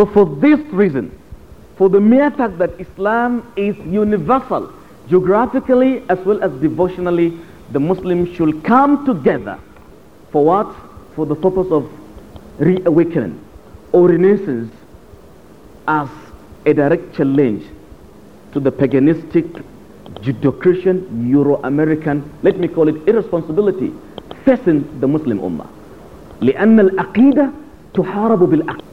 So for this reason, for the mere fact that Islam is universal, geographically as well as devotionally, the Muslims should come together for what? For the purpose of reawakening or renaissance as a direct challenge to the paganistic, Judeo-Christian, Euro-American, let me call it irresponsibility, facing the Muslim Ummah. لأن العقيدة تحارب بالعقل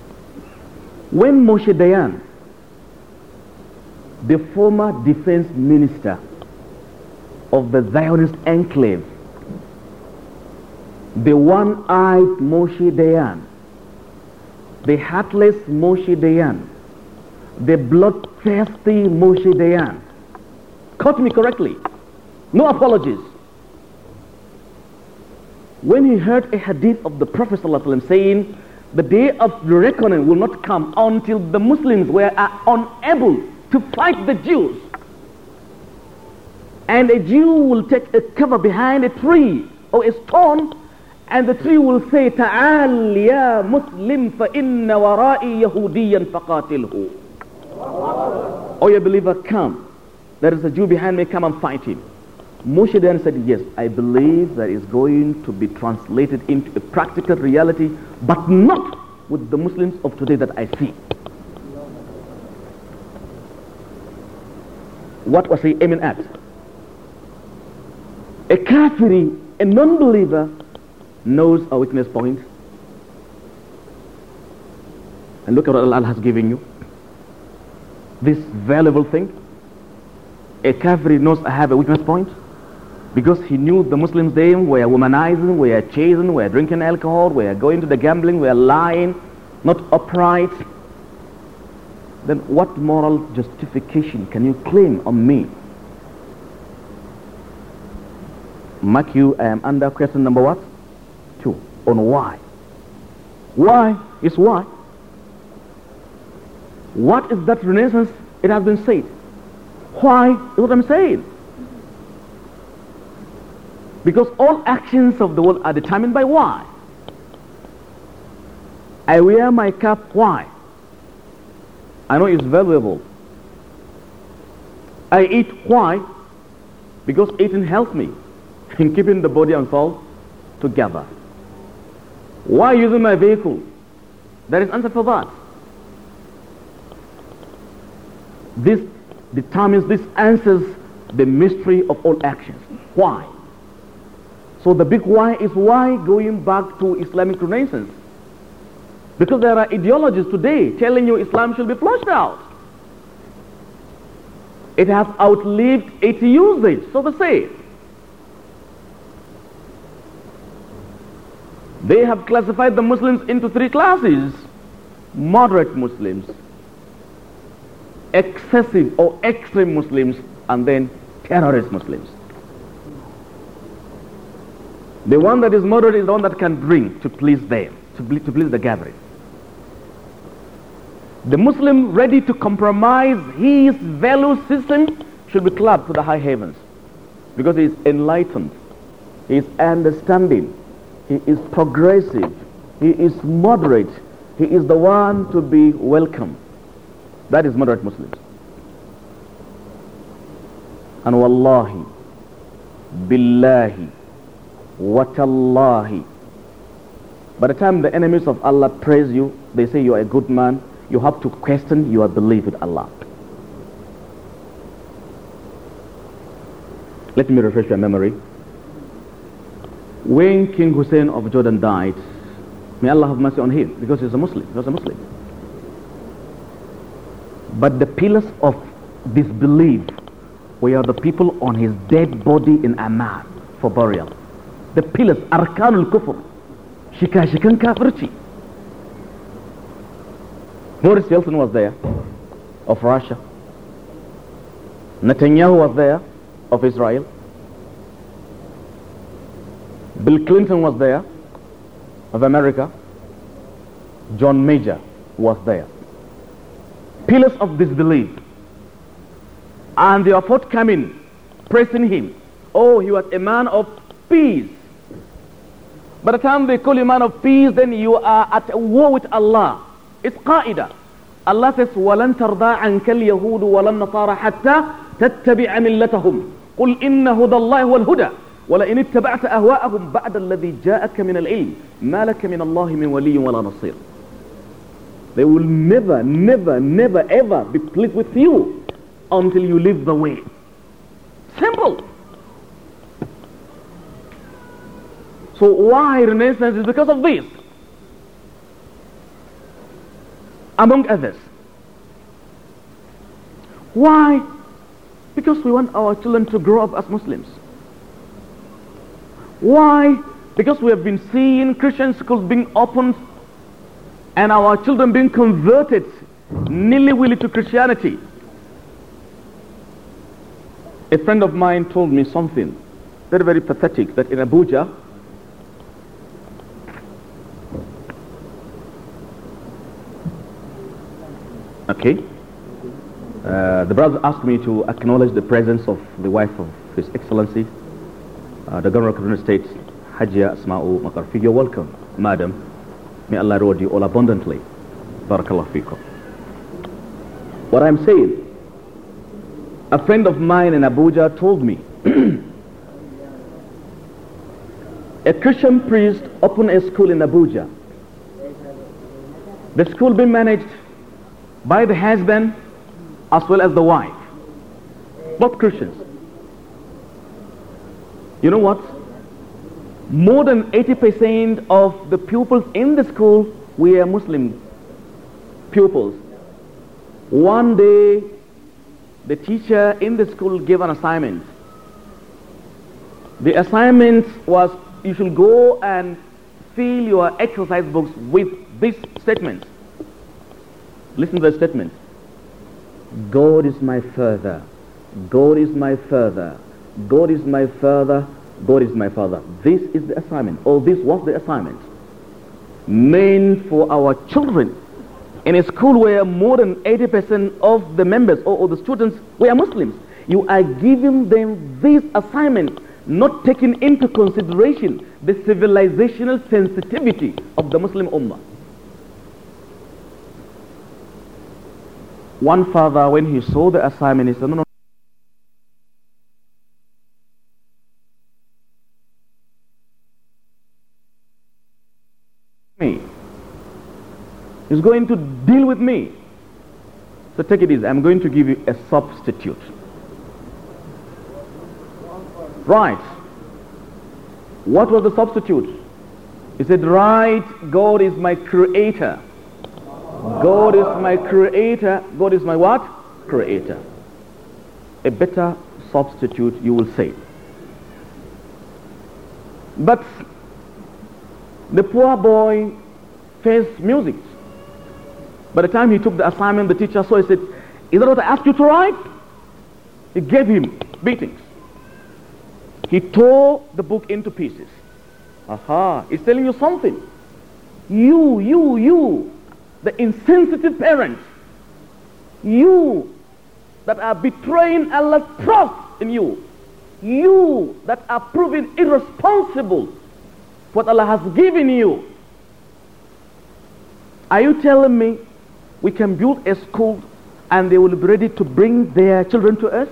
when Moshe Dayan, the former defense minister of the Zionist enclave, the one-eyed Moshe Dayan, the heartless Moshe Dayan, the bloodthirsty Moshe Dayan, caught me correctly, no apologies. When he heard a hadith of the Prophet ﷺ saying, the day of reckoning will not come until the Muslims were are uh, unable to fight the Jews. And a Jew will take a cover behind a tree or a stone, and the tree will say, "Ta'al ya Muslim, fa inna warai Yahudiyan faqatilhu." Oh, you believer, come. There is a Jew behind me. Come and fight him. Moshe then said, yes, I believe that is going to be translated into a practical reality, but not with the Muslims of today that I see. What was he aiming at? A kafiri, a non-believer, knows a weakness point. And look at what Allah has given you. This valuable thing. A kafiri knows I have a weakness point because he knew the Muslims there were womanizing, were chasing, were drinking alcohol, were going to the gambling, were lying, not upright. Then what moral justification can you claim on me? Mark you, I am um, under question number what? Two. On why. Why is why? What is that renaissance? It has been said. Why is what I'm saying. Because all actions of the world are determined by why. I wear my cap, why? I know it's valuable. I eat, why? Because eating helps me in keeping the body and soul together. Why using my vehicle? There is answer for that. This determines, this answers the mystery of all actions. Why? So the big why is why going back to Islamic Renaissance. Because there are ideologies today telling you Islam should be flushed out. It has outlived its usage, so to say. They have classified the Muslims into three classes. Moderate Muslims, excessive or extreme Muslims, and then terrorist Muslims. The one that is moderate is the one that can drink to please them, to, to please the gathering. The Muslim ready to compromise his value system should be clapped to the high heavens because he is enlightened, he is understanding, he is progressive, he is moderate, he is the one to be welcome. That is moderate Muslims. And wallahi, billahi, Watallahi. By the time the enemies of Allah praise you, they say you are a good man, you have to question your belief with Allah. Let me refresh your memory. When King Hussein of Jordan died, may Allah have mercy on him because he's a Muslim. He was a Muslim. But the pillars of disbelief were the people on his dead body in Amman for burial the pillars arkanul kufr shika-shikan kafirci Boris Yeltsin was there of Russia Netanyahu was there of Israel Bill Clinton was there of America John Major was there pillars of disbelief and they are forthcoming praising him oh he was a man of peace By the time they call you man of peace, then you are at war with Allah. It's qaida. Allah says, وَلَن تَرْضَى عَنْكَ الْيَهُودُ وَلَن نَصَارَ حَتَّى تَتَّبِعَ مِلَّتَهُمْ قُلْ إِنَّ هُدَى اللَّهِ هُوَ الْهُدَى ولئن اتبعت أهواءهم بعد الذي جاءك من العلم ما لك من الله من ولي ولا نصير They will never, never, never, ever be pleased with you until you leave the way. Simple. So why Renaissance is because of this, among others. Why? Because we want our children to grow up as Muslims. Why? Because we have been seeing Christian schools being opened and our children being converted nilly-willy to Christianity. A friend of mine told me something very, very pathetic that in Abuja, Okay? Uh, the brother asked me to acknowledge the presence of the wife of His Excellency, uh, the Governor of Kaduna State, Hajia Asma'u Makarfi. You're welcome, Madam. May Allah reward you all abundantly. Barakallah fikum. What I'm saying, a friend of mine in Abuja told me a Christian priest opened a school in Abuja. The school being managed by the husband as well as the wife. Both Christians. You know what? More than 80% of the pupils in the school were Muslim pupils. One day, the teacher in the school gave an assignment. The assignment was you should go and fill your exercise books with this statement. Listen to the statement. God is my father. God is my father. God is my father. God is my father. This is the assignment. Or this was the assignment. Meant for our children. In a school where more than 80% of the members or, or the students were Muslims, you are giving them this assignment not taking into consideration the civilizational sensitivity of the Muslim Ummah. One father, when he saw the assignment, he said, No, no. Me. He's going to deal with me. So take it easy. I'm going to give you a substitute. Right. What was the substitute? He said, Right, God is my creator. God is my creator. God is my what? Creator. A better substitute, you will say. But the poor boy faced music. By the time he took the assignment, the teacher saw he said, Is that what I asked you to write? He gave him beatings. He tore the book into pieces. Aha, it's telling you something. You, you, you the insensitive parents, you that are betraying Allah's trust in you, you that are proving irresponsible for what Allah has given you. Are you telling me we can build a school and they will be ready to bring their children to us?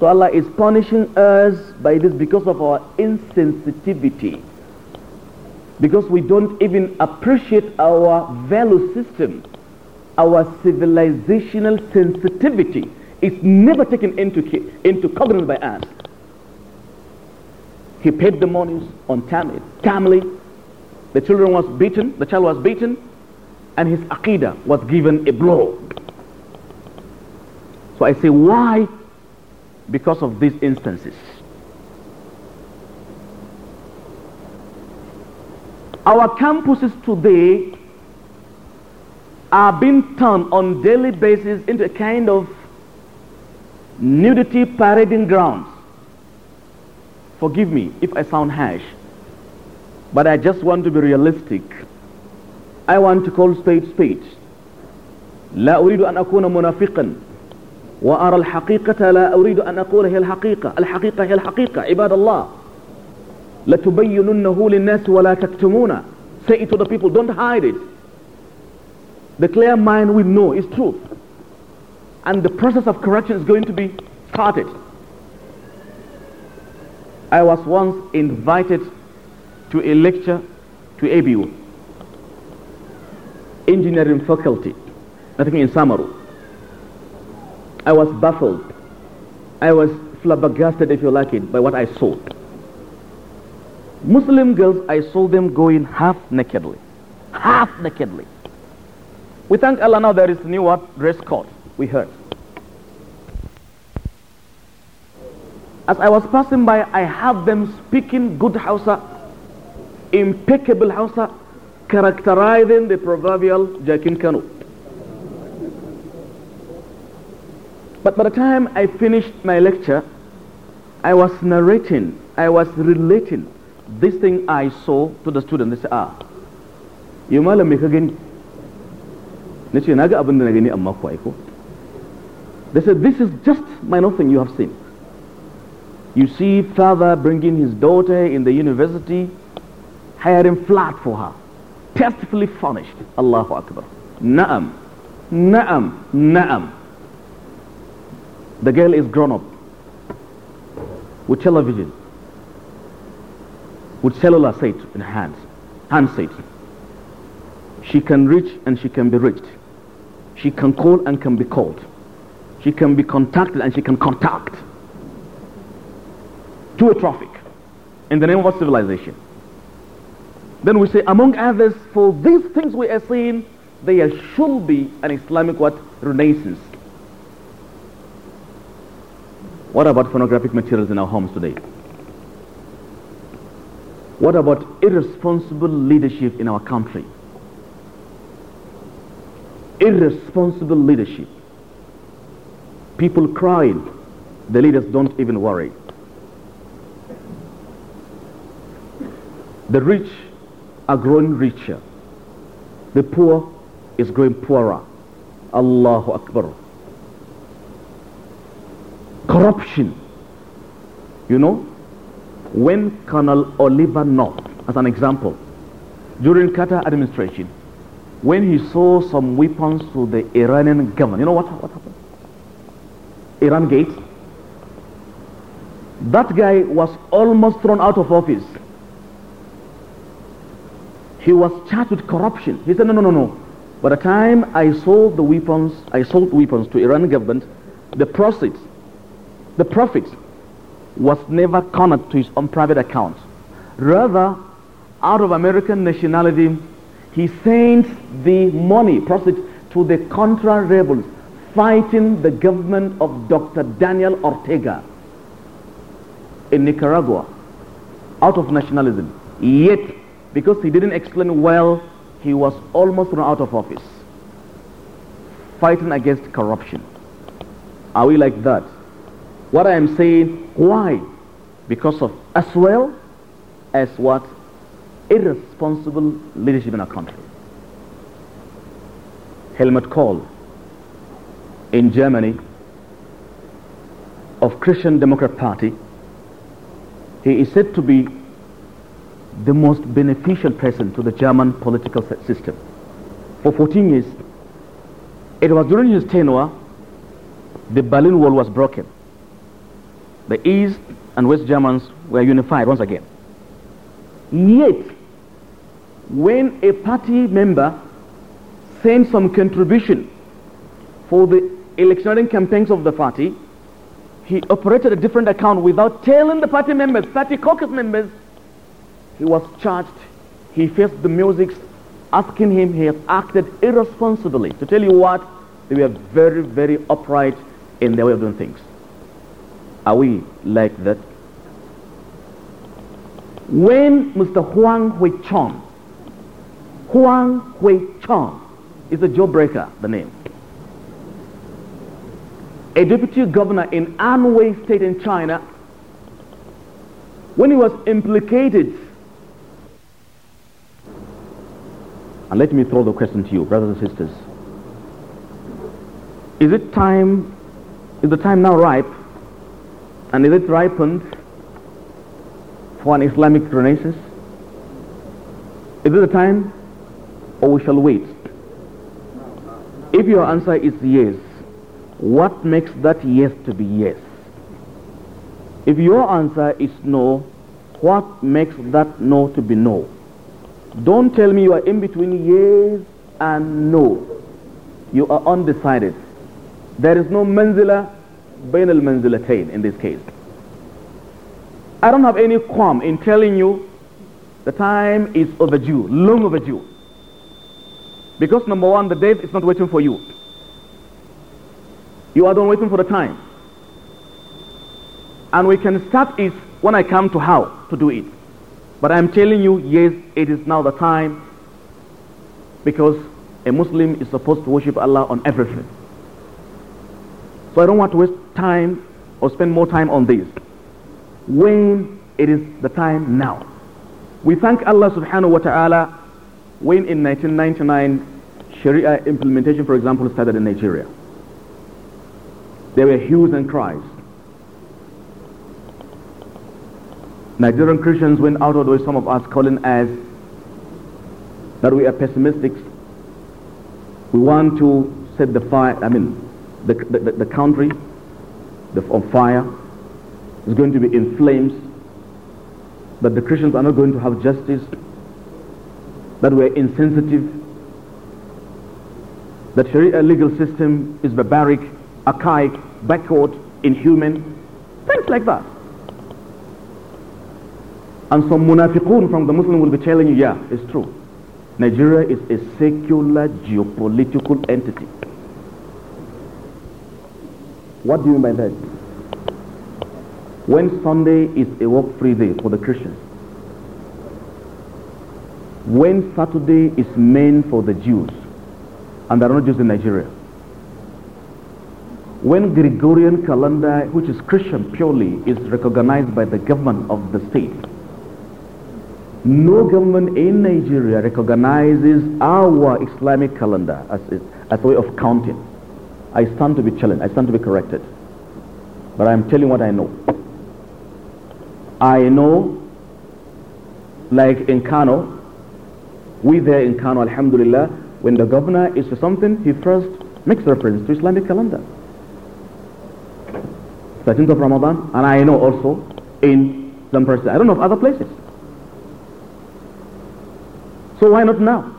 So Allah is punishing us by this because of our insensitivity because we don't even appreciate our value system, our civilizational sensitivity is never taken into, into cognizance by us. He paid the monies on time, timely. The children was beaten, the child was beaten, and his aqidah was given a blow. So I say, why? Because of these instances. Our campuses today are being turned on daily basis into a kind of nudity parading grounds. Forgive me if I sound harsh, but I just want to be realistic. I want to call spade spade. لا أريد أن أكون منافقا وأرى الحقيقة لا أريد أن أقول هي الحقيقة الحقيقة هي الحقيقة عباد الله لَتُبَيِّنُنَّهُ لِلنَّاسِ وَلَا تَكْتُمُونَ Say it to the people, don't hide it. The clear mind will know it's truth, And the process of correction is going to be started. I was once invited to a lecture to ABU, engineering faculty, I think in Samaru. I was baffled. I was flabbergasted, if you like it, by what I saw. Muslim girls, I saw them going half nakedly. Half nakedly. We thank Allah now there is new what? Dress code. We heard. As I was passing by, I heard them speaking good Hausa, impeccable Hausa, characterizing the proverbial Jakin Kanu. But by the time I finished my lecture, I was narrating, I was relating this thing I saw to the student they say ah yau malam me ka gani na ce na ga abin da na gani amma kuwa ko they said this is just my thing you have seen you see father bringing his daughter in the university hiring flat for her tastefully furnished Allahu Akbar na'am na'am na'am the girl is grown up with television with cellular site in hands, hand site. She can reach and she can be reached. She can call and can be called. She can be contacted and she can contact. To a traffic in the name of civilization. Then we say, among others, for these things we are seeing, there should be an Islamic what? Renaissance. What about pornographic materials in our homes today? What about irresponsible leadership in our country? Irresponsible leadership. People crying, the leaders don't even worry. The rich are growing richer. The poor is growing poorer. Allahu Akbar. Corruption. You know, when Colonel Oliver North, as an example, during Qatar administration, when he sold some weapons to the Iranian government, you know what, what happened? Iran Gate. That guy was almost thrown out of office. He was charged with corruption. He said, no, no, no, no. By the time I sold the weapons, I sold weapons to Iranian government, the proceeds, the profits was never connected to his own private account. Rather, out of American nationality, he sent the money proceeds to the Contra rebels fighting the government of Dr. Daniel Ortega in Nicaragua out of nationalism. Yet, because he didn't explain well, he was almost thrown out of office. Fighting against corruption. Are we like that? What I am saying, why? Because of as well as what? Irresponsible leadership in our country. Helmut Kohl in Germany of Christian Democrat Party. He is said to be the most beneficial person to the German political system. For 14 years, it was during his tenure the Berlin Wall was broken. The East and West Germans were unified once again. Yet, when a party member sent some contribution for the electioneering campaigns of the party, he operated a different account without telling the party members, party caucus members, he was charged. He faced the music asking him he has acted irresponsibly. To tell you what, they were very, very upright in their way of doing things. Are we like that? When Mr. Huang Hui Chong, Huang Hui Chong is a jawbreaker, the name. A deputy governor in Anhui State in China, when he was implicated, and let me throw the question to you, brothers and sisters, is it time, is the time now ripe and is it ripened for an Islamic renaissance? Is it the time or we shall wait? If your answer is yes, what makes that yes to be yes? If your answer is no, what makes that no to be no? Don't tell me you are in between yes and no. You are undecided. There is no menzila. بين المنزلتين in this case. I don't have any qualm in telling you the time is overdue, long overdue. Because number one, the date is not waiting for you. You are not waiting for the time. And we can start it when I come to how to do it. But I'm telling you, yes, it is now the time because a Muslim is supposed to worship Allah on everything. So I don't want to waste time or spend more time on this. When it is the time now. We thank Allah subhanahu wa ta'ala when in 1999 Sharia implementation, for example, started in Nigeria. There were hues and cries. Nigerian Christians went out of the way, some of us calling us that we are pessimists. We want to set the fire, I mean, the, the, the country the, on fire. It's going to be in flames. That the Christians are not going to have justice. That we're insensitive. That Sharia legal system is barbaric, archaic, backward, inhuman. Things like that. And some munafiqun from the Muslim will be telling you, yeah, it's true. Nigeria is a secular geopolitical entity. What do you mean by that? When Sunday is a work-free day for the Christians, when Saturday is meant for the Jews, and there are not Jews in Nigeria, when Gregorian calendar, which is Christian purely, is recognized by the government of the state, no government in Nigeria recognizes our Islamic calendar as, as a way of counting. I stand to be challenged. I stand to be corrected. But I'm telling what I know. I know, like in Kano, we there in Kano, alhamdulillah, when the governor is for something, he first makes reference to Islamic calendar. 13th of Ramadan, and I know also in some places. I don't know of other places. So why not now?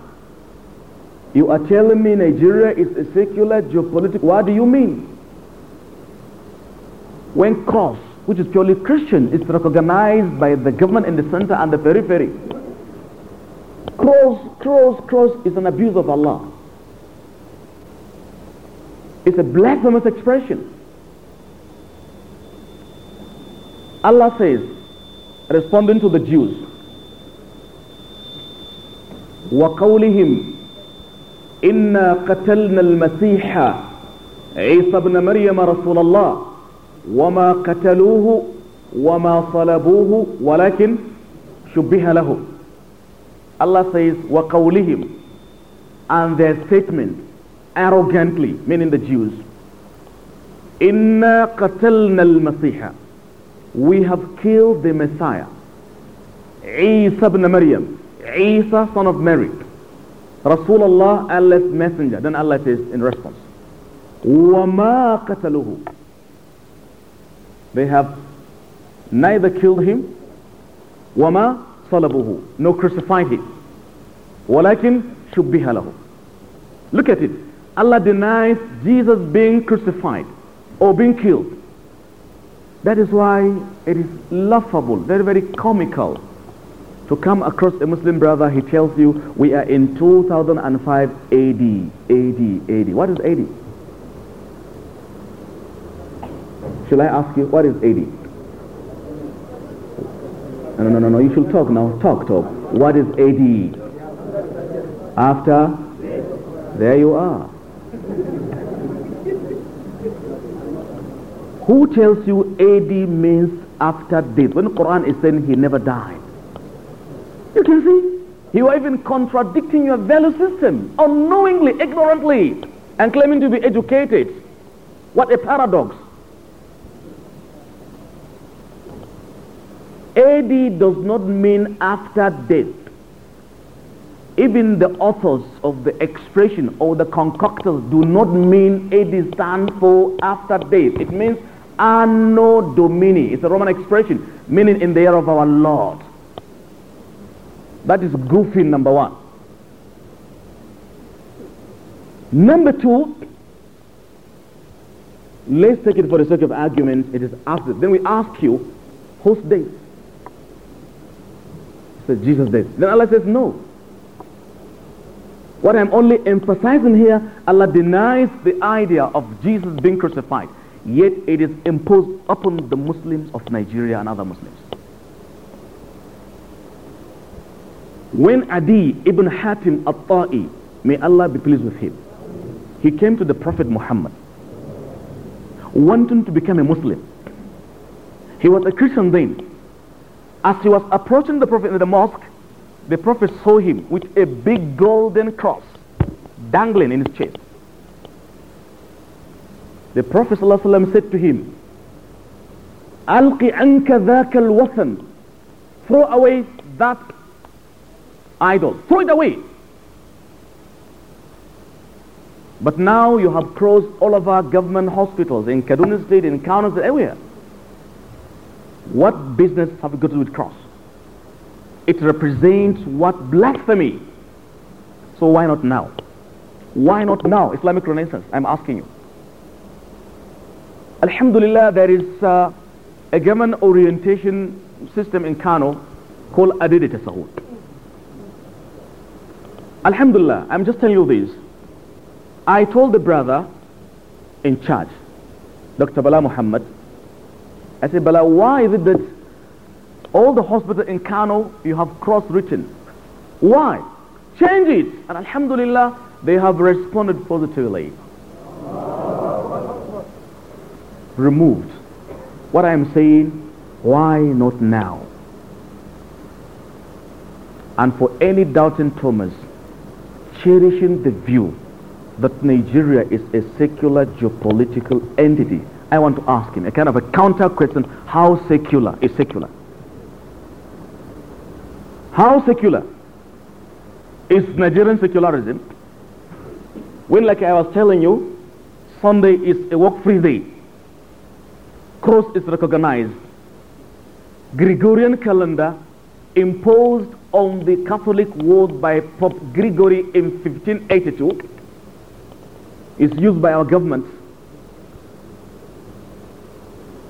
You are telling me Nigeria is a secular geopolitical. What do you mean? When COS, which is purely Christian, is recognized by the government in the center and the periphery. Cross, cross, cross is an abuse of Allah. It's a blasphemous expression. Allah says, responding to the Jews, وَقَوْلِهِمْ إنا قتلنا المسيح عيسى بن مريم رسول الله وما قتلوه وما صلبوه ولكن شبه له الله says وقولهم and their statement arrogantly meaning the Jews إنا قتلنا المسيح we have killed the Messiah عيسى بن مريم عيسى son of Mary Rasulullah, Allah's messenger. Then Allah says in response, وَمَا قَتَلُهُ They have neither killed him, وَمَا صَلَبُهُ No crucified him. وَلَكِنْ شُبِّهَ لَهُ Look at it. Allah denies Jesus being crucified or being killed. That is why it is laughable, very, very comical to come across a Muslim brother, he tells you, we are in 2005 AD, AD, AD. What is AD? Shall I ask you, what is AD? No, no, no, no, you should talk now. Talk, talk. What is AD? After? There you are. Who tells you AD means after death? When Quran is saying he never died. You can see, you are even contradicting your value system, unknowingly, ignorantly, and claiming to be educated. What a paradox. AD does not mean after death. Even the authors of the expression or the concoctors do not mean AD stand for after death. It means Anno Domini. It's a Roman expression meaning in the year of our Lord. That is goofy number one. Number two, let's take it for the sake of argument, it is after. Then we ask you, whose day? So Jesus' day. Then Allah says, no. What I'm only emphasizing here, Allah denies the idea of Jesus being crucified. Yet it is imposed upon the Muslims of Nigeria and other Muslims. When Adi ibn Hatim al-Ta'i, may Allah be pleased with him, he came to the Prophet Muhammad wanting to become a Muslim. He was a Christian then. As he was approaching the Prophet in the mosque, the Prophet saw him with a big golden cross dangling in his chest. The Prophet ﷺ said to him, Alqi anka dhaka al Throw away that idol. Throw it away. But now you have closed all of our government hospitals in Kaduna State, in Kaunas, everywhere. What business have you got to do with cross? It represents what blasphemy. So why not now? Why not now? Islamic Renaissance, I'm asking you. Alhamdulillah, there is uh, a government orientation system in Kano called Adidita Sahut. Alhamdulillah, I'm just telling you this. I told the brother in charge, Dr. Bala Muhammad, I said, Bala, why is it that all the hospitals in Kano you have cross-written? Why? Change it. And Alhamdulillah, they have responded positively. Removed. What I am saying, why not now? And for any doubting Thomas, cherishing the view that Nigeria is a secular geopolitical entity, I want to ask him a kind of a counter question how secular is secular? How secular is Nigerian secularism? When, like I was telling you, Sunday is a work free day, cross is recognized, Gregorian calendar imposed on the Catholic world by Pope Gregory in 1582 is used by our government.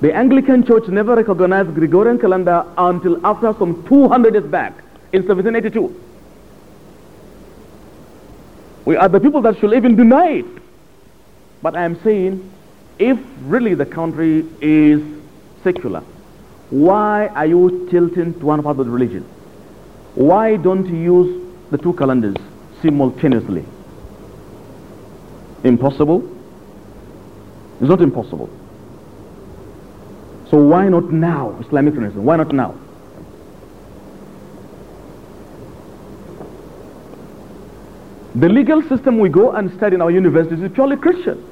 The Anglican Church never recognized Gregorian calendar until after some 200 years back in 1782. We are the people that should even deny it. But I am saying if really the country is secular, why are you tilting to one part of the religion? Why don't you use the two calendars simultaneously? Impossible? It's not impossible. So why not now, Islamic Renaissance? Why not now? The legal system we go and study in our universities is purely Christian.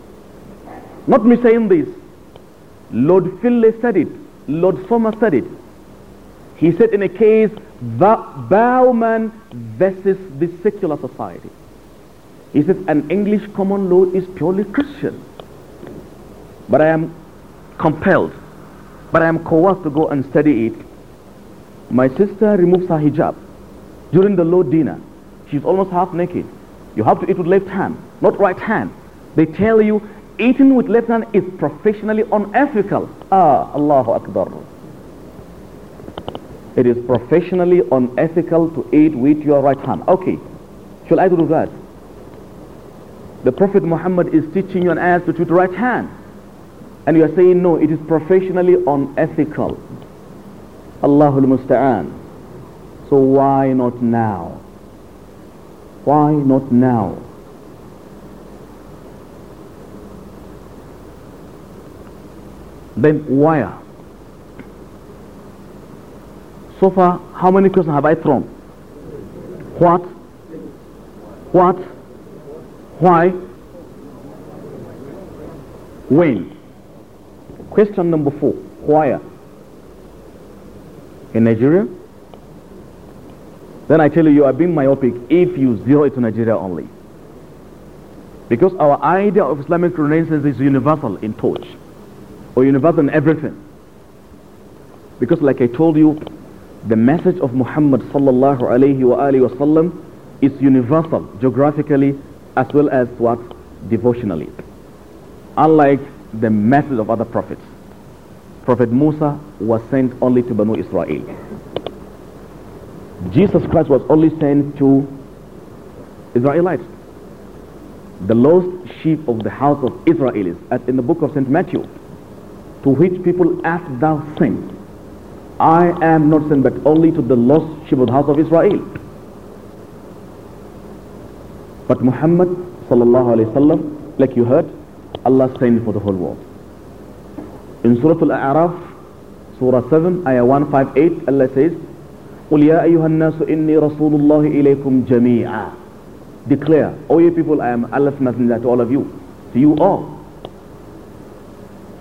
Not me saying this. Lord Finlay said it Lord Sommer said it. He said in a case, that Bowman versus the secular society. He said an English common law is purely Christian. But I am compelled, but I am coerced to go and study it. My sister removes her hijab during the Lord dinner. She's almost half naked. You have to eat with left hand, not right hand. They tell you Eating with Lebanon is professionally unethical. Ah, Allahu Akbar. It is professionally unethical to eat with your right hand. Okay, shall I do that? The Prophet Muhammad is teaching you and us to treat right hand. And you are saying, no, it is professionally unethical. Allahul Musta'an. So why not now? Why not now? then wire so far how many questions have I thrown what what why when question number four why in Nigeria then I tell you you are being myopic if you zero it to Nigeria only because our idea of Islamic Renaissance is universal in touch or universal in everything. Because like I told you, the message of Muhammad sallallahu alayhi wa alayhi wasallam is universal geographically as well as what? Devotionally. Unlike the message of other prophets. Prophet Musa was sent only to Banu Israel. Jesus Christ was only sent to Israelites. The lost sheep of the house of Israelis, as in the book of St. Matthew to which people asked thou sin? I am not sent but only to the lost sheep of the house of Israel. But Muhammad sallallahu alayhi wasallam, like you heard, Allah sent for the whole world. In Surah Al-A'raf, Surah 7, Ayah 158, Allah says, قُلْ يَا أَيُّهَا النَّاسُ إِنِّي رَسُولُ اللَّهِ إِلَيْكُمْ جَمِيعًا Declare, O ye people, I am Allah's messenger to all of you, to you all.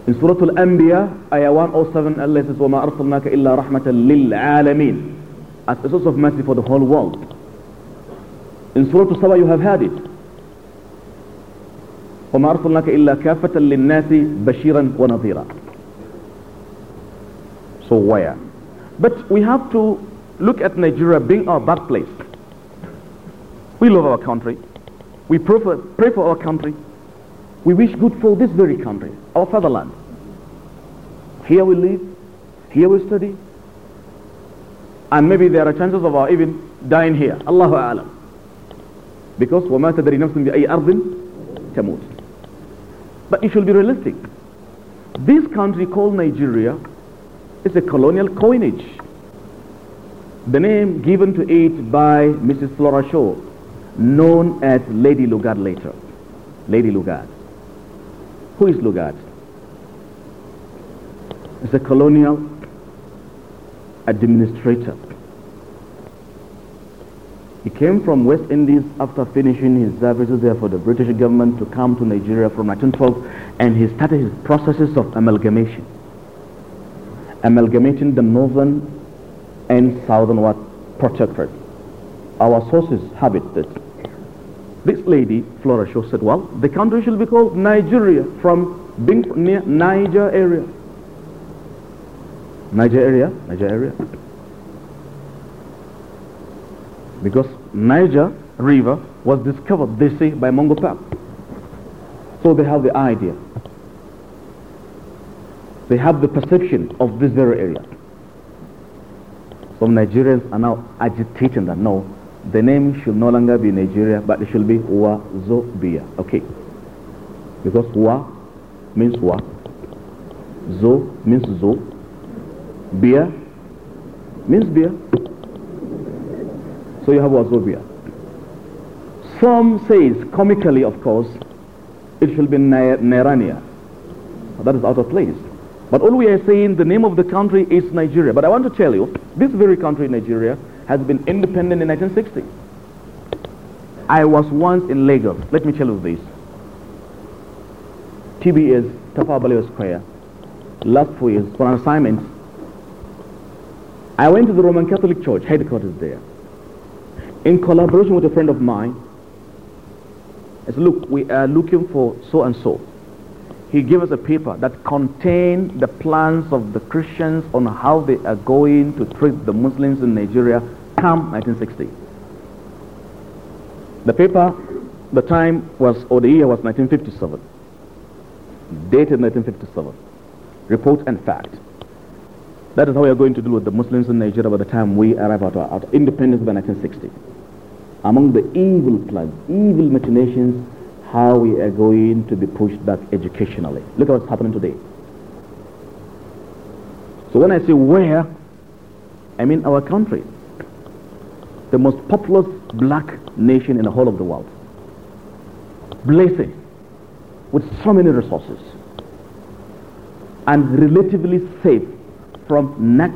In Surah Al-Anbiya, Ayah 107, Allah says, وَمَا أَرْسَلْنَاكَ إِلَّا رَحْمَةً لِلْعَالَمِينَ As a source of mercy for the whole world. In Surah Al-Saba, you have had it. وَمَا أَرْسَلْنَاكَ إِلَّا كَافَةً لِلنَّاسِ بَشِيرًا وَنَظِيرًا So where? But we have to look at Nigeria being our birthplace. We love our country. We pray for our country. We wish good for this very country, our fatherland. Here we live, here we study, and maybe there are chances of our even dying here. Allahu Alam. Because وَمَا تَدْرِي نَفْسٍ بِأَيْ أَرْضٍ تَمُوتٍ But it should be realistic. This country called Nigeria is a colonial coinage. The name given to it by Mrs. Flora Shaw, known as Lady Lugard later. Lady Lugard. Who is Lugard? He's a colonial administrator. He came from West Indies after finishing his services there for the British government to come to Nigeria from 1912 and he started his processes of amalgamation. Amalgamating the northern and southern what protectorate. Our sources have it that this lady, Flora Shaw, said, well, the country should be called Nigeria from being near Niger area. Niger area, Niger area. Because Niger River was discovered, they say, by Mongo So they have the idea. They have the perception of this very area. Some Nigerians are now agitating that, no, the name should no longer be Nigeria, but it should be Wazobia. Okay. Because Wa means Wa. Zo means Zo. Beer means beer. So you have Wazobia. Some says, comically of course, it should be Nairania. That is out of place. But all we are saying, the name of the country is Nigeria. But I want to tell you, this very country, Nigeria, has been independent in 1960. I was once in Lagos. Let me tell you this. TB is Tapa Baleo Square. Last four years for an assignment. I went to the Roman Catholic Church headquarters there. In collaboration with a friend of mine, I said, look, we are looking for so and so. He gave us a paper that contained the plans of the Christians on how they are going to treat the Muslims in Nigeria Camp 1960. The paper, the time was, or the year was 1957. Dated 1957. Report and fact. That is how we are going to deal with the Muslims in Nigeria by the time we arrive at our, independence by 1960. Among the evil plans, evil machinations, how we are going to be pushed back educationally. Look at what's happening today. So when I say where, I mean our country the most populous black nation in the whole of the world. Blessed with so many resources and relatively safe from natural